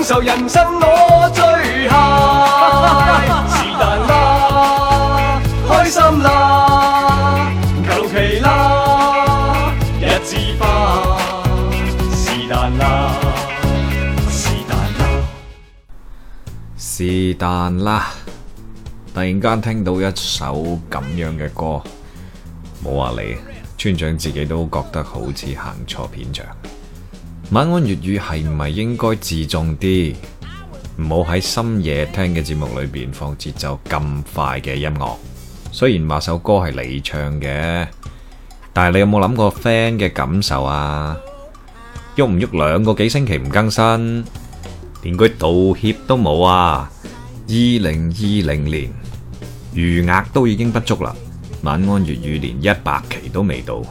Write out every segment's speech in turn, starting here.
享受人生我最嗨，是但啦，開心啦，求其啦，一支花，是但啦，是但啦，是但啦，啦，啦！突然間聽到一首咁樣嘅歌，冇話你，村長自己都覺得好似行錯片場。晚安粵語係唔係應該自重啲？唔好喺深夜聽嘅節目裏邊放節奏咁快嘅音樂。雖然話首歌係你唱嘅，但係你有冇諗過 friend 嘅感受啊？喐唔喐兩個幾星期唔更新，連句道歉都冇啊！二零二零年餘額都已經不足啦，晚安粵語連一百期都未到，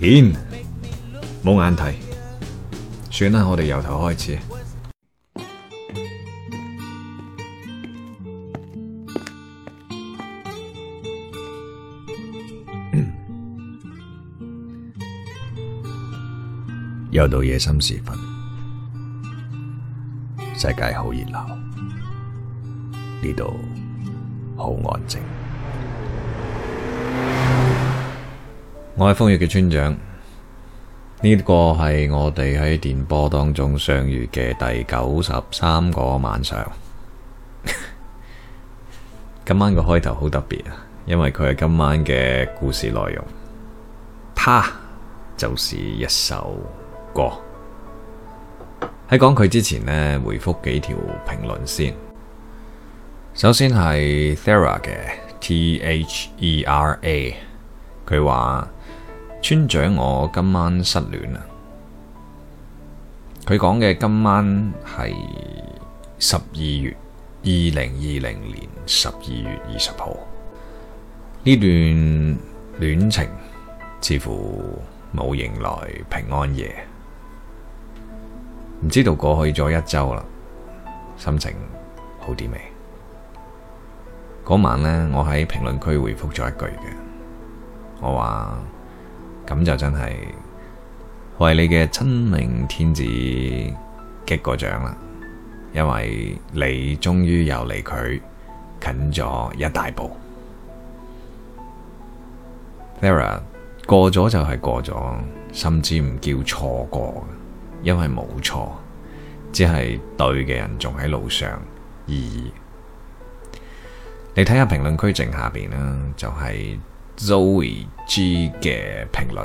天，冇眼睇！算啦，我哋由頭開始。 又到夜深時分，世界好熱鬧，呢度好安靜。我係瘋粵嘅村長。呢個係我哋喺電波當中相遇嘅第九十三個晚上。 今晚個開頭好特別啊，因為佢係今晚嘅故事內容。它就是一首歌。喺講佢之前呢，回復幾條評論先。首先係 Thera 嘅 T, T H E R A，佢話。村長，我今晚失戀啦。佢講嘅今晚係十二月二零二零年十二月二十號。呢段戀情似乎冇迎來平安夜，唔知道過去咗一周啦，心情好啲未？嗰晚呢，我喺評論區回覆咗一句嘅，我話。咁就真係為你嘅真命天子擊個掌啦，因為你終於又離佢近咗一大步。Thera 過咗就係過咗，甚至唔叫錯過，因為冇錯，只係對嘅人仲喺路上。而你睇下評論區正下邊啦，就係、是、Zoe。G 嘅評論，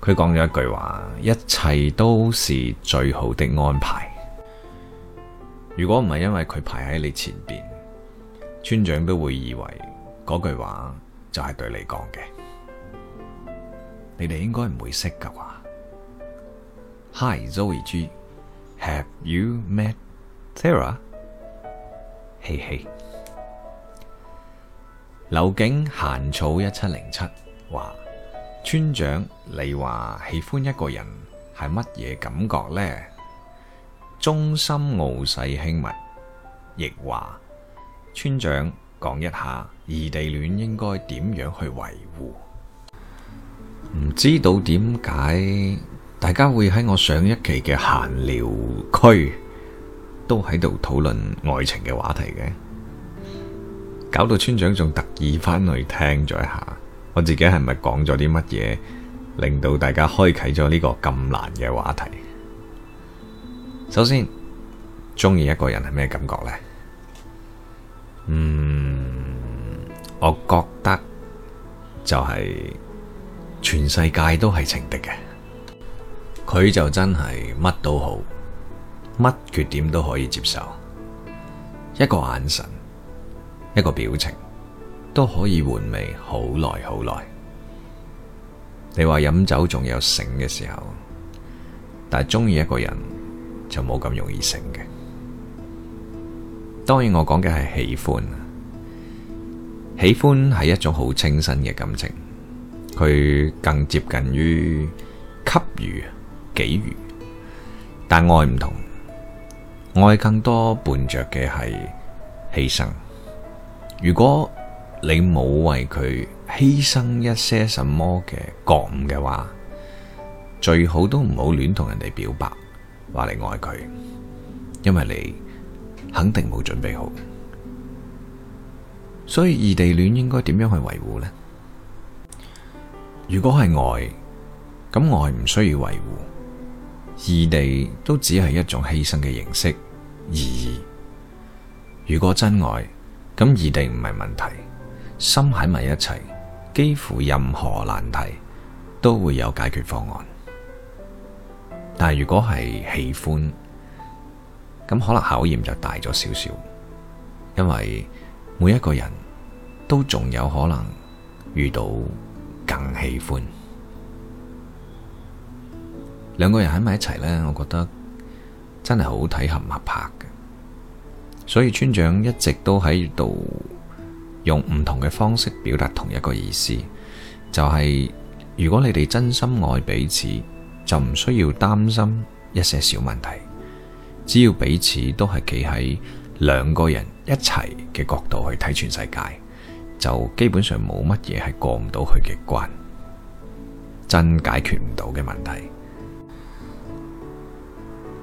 佢講咗一句話：一切都是最好的安排。如果唔係因為佢排喺你前邊，村長都會以為嗰句話就係對你講嘅。你哋應該唔會識噶啩。Hi Zoe G，Have you met Sarah？Hey, 嘿、hey. 嘿。流景閒草一七零七話：村長，你話喜歡一個人係乜嘢感覺呢？中心傲世輕物，亦話村長講一下異地戀應該點樣去維護？唔知道點解大家會喺我上一期嘅閒聊區都喺度討論愛情嘅話題嘅。搞到村長仲特意翻去聽咗一下，我自己係咪講咗啲乜嘢，令到大家開啟咗呢個咁難嘅話題？首先，中意一個人係咩感覺呢？嗯，我覺得就係全世界都係情敵嘅，佢就真係乜都好，乜缺點都可以接受，一個眼神。一個表情都可以玩味好耐好耐。你話飲酒仲有醒嘅時候，但係中意一個人就冇咁容易醒嘅。當然，我講嘅係喜歡，喜歡係一種好清新嘅感情，佢更接近於給予、給予。但愛唔同，愛更多伴着嘅係犧牲。如果你冇為佢犧牲一些什麼嘅覺悟嘅話，最好都唔好亂同人哋表白，話你愛佢，因為你肯定冇準備好。所以異地戀應該點樣去維護呢？如果係愛，咁愛唔需要維護，異地都只係一種犧牲嘅形式而已。如果真愛，咁異地唔係問題，心喺埋一齊，幾乎任何難題都會有解決方案。但如果係喜歡，咁可能考驗就大咗少少，因為每一個人都仲有可能遇到更喜歡。兩個人喺埋一齊呢，我覺得真係好睇合唔合拍嘅。所以村長一直都喺度用唔同嘅方式表達同一個意思，就係、是、如果你哋真心愛彼此，就唔需要擔心一些小問題。只要彼此都係企喺兩個人一齊嘅角度去睇全世界，就基本上冇乜嘢係過唔到佢嘅關，真解決唔到嘅問題，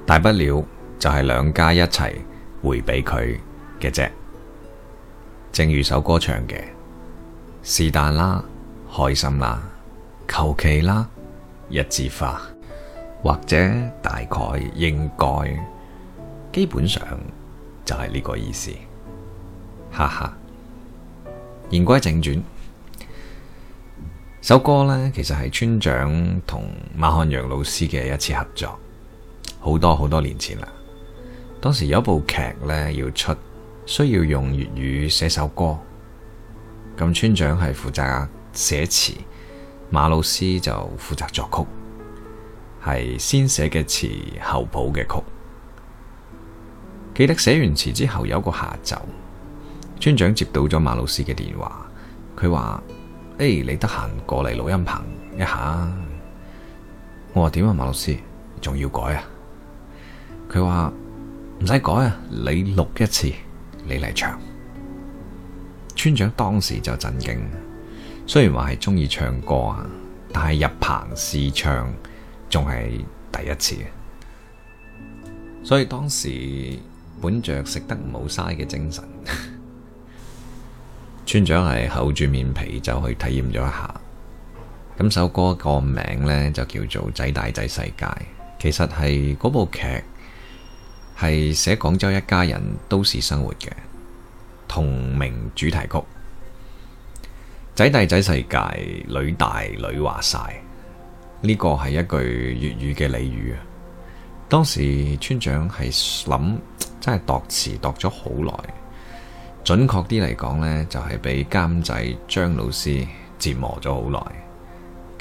大不了就係兩家一齊。回俾佢嘅啫，正如首歌唱嘅，是但啦，開心啦，求其啦，一支花，或者大概應該，基本上就係呢個意思，哈哈。言歸正傳，首歌呢其實係村長同馬漢陽老師嘅一次合作，好多好多年前啦。當時有一部劇呢，要出，需要用粵語寫首歌，咁村長係負責寫詞，馬老師就負責作曲，係先寫嘅詞後譜嘅曲。記得寫完詞之後有個下晝，村長接到咗馬老師嘅電話，佢話：誒，hey，你得閒過嚟錄音棚一下。我話點啊，馬老師，仲要改啊？佢話。唔使改啊！你錄一次，你嚟唱。村長當時就震驚，雖然話係中意唱歌啊，但係入棚試唱仲係第一次。所以當時本着食得冇嘥嘅精神， 村長係厚住面皮就去體驗咗一下。咁首歌個名呢，就叫做《仔大仔世界》，其實係嗰部劇。係寫廣州一家人都市生活嘅同名主題曲。仔大仔世界，女大女話晒。呢個係一句粵語嘅俚語啊。當時村長係諗真係度詞度咗好耐，準確啲嚟講呢就係俾監製張老師折磨咗好耐。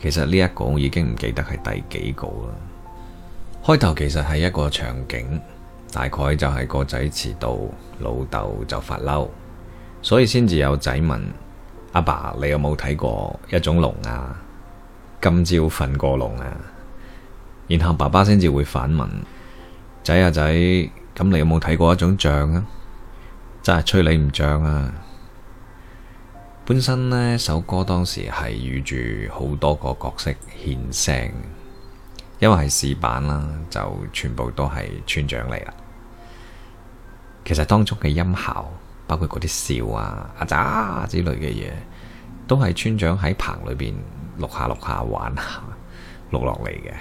其實呢一個已經唔記得係第幾個啦。開頭其實係一個場景。大概就係個仔遲到，老豆就發嬲，所以先至有仔問阿爸：你有冇睇過一種龍啊？今朝瞓過龍啊？然後爸爸先至會反問仔啊仔：咁你有冇睇過一種象啊？真係吹你唔象啊！本身呢首歌當時係預住好多個角色獻聲，因為係試版啦，就全部都係村長嚟啦。其實當中嘅音效，包括嗰啲笑啊、啊咋之類嘅嘢，都係村長喺棚裏邊錄,錄下錄下玩下錄落嚟嘅。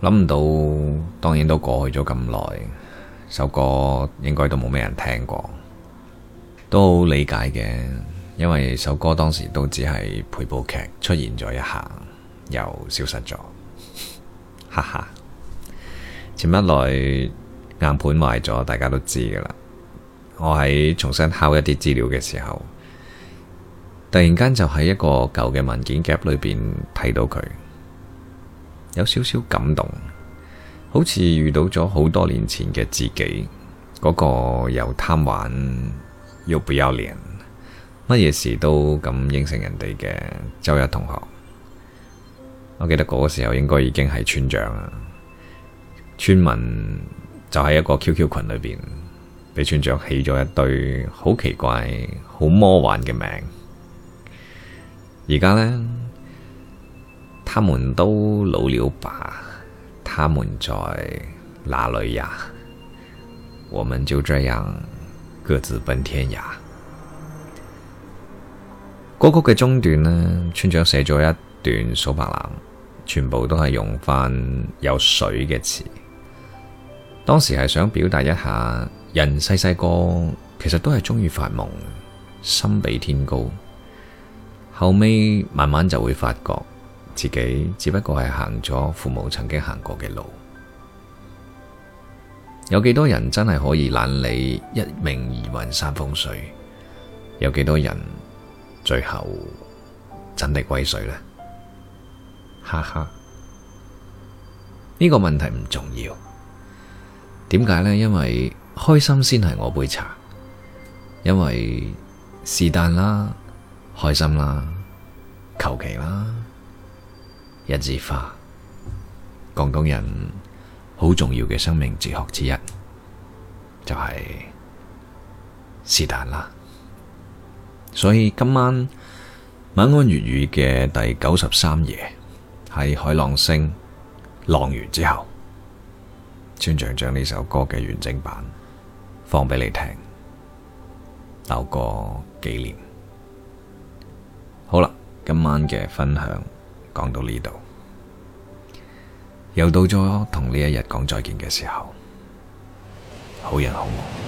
諗唔到，當然都過去咗咁耐，首歌應該都冇咩人聽過，都好理解嘅，因為首歌當時都只係配部劇出現咗一下，又消失咗，哈哈。前一來。硬盤壞咗，大家都知噶啦。我喺重新考一啲資料嘅時候，突然間就喺一個舊嘅文件夾裏邊睇到佢，有少少感動，好似遇到咗好多年前嘅自己嗰個又貪玩又不要臉，乜嘢事都咁應承人哋嘅周一同學。我記得嗰個時候應該已經係村長啦，村民，就喺一個 QQ 群裏邊，畀村長起咗一堆好奇怪、好魔幻嘅名。而家呢，他們都老了吧？他們在哪裏呀？我們就這樣各自奔天涯。歌曲嘅中段呢，村長寫咗一段數白欖，全部都係用翻有水嘅詞。當時係想表達一下，人細細個其實都係鍾意發夢，心比天高。後尾慢慢就會發覺，自己只不過係行咗父母曾經行過嘅路。有幾多人真係可以懶理一命二運三風水？有幾多人最後真係威水呢？哈哈，呢個問題唔重要。點解咧？因為開心先係我杯茶，因為是但啦，開心啦，求其啦，一支花，廣東人好重要嘅生命哲學之一就係是但啦。所以今晚晚安粵語嘅第九十三夜喺海浪聲浪完之後，村長將呢首歌嘅完整版，放俾你聽，留個紀念。好啦，今晚嘅分享講到呢度，又到咗同呢一日講再見嘅時候，好人好夢。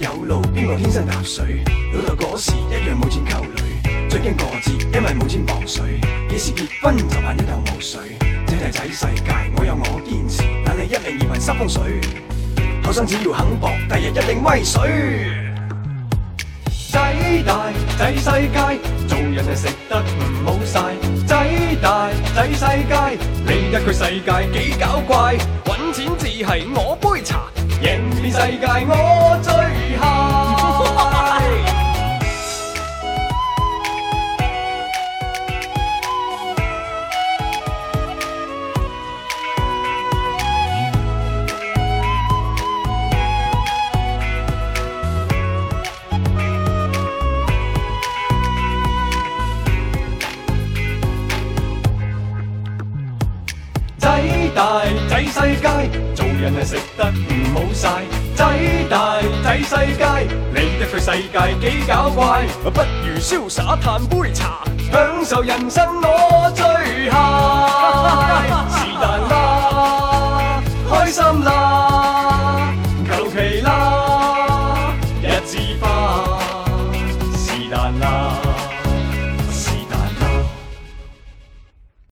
有路邊個天生搭水，老豆嗰時一樣冇錢溝女，最驚過節，因為冇錢磅水。幾時結婚就扮一頭霧水，仔仔世界我有我堅持，但係一命二運三風水，後生只要肯搏，第日一定威水。仔大仔世界，做人係食得唔好晒。仔大仔世界，你一句世界幾搞怪，搵錢只係我杯茶，贏遍世界我。做人係食得唔好晒，仔大仔世界，理得佢世界幾搞怪，不如瀟灑嘆杯茶，享受人生我最嗨，是但啦，開心啦。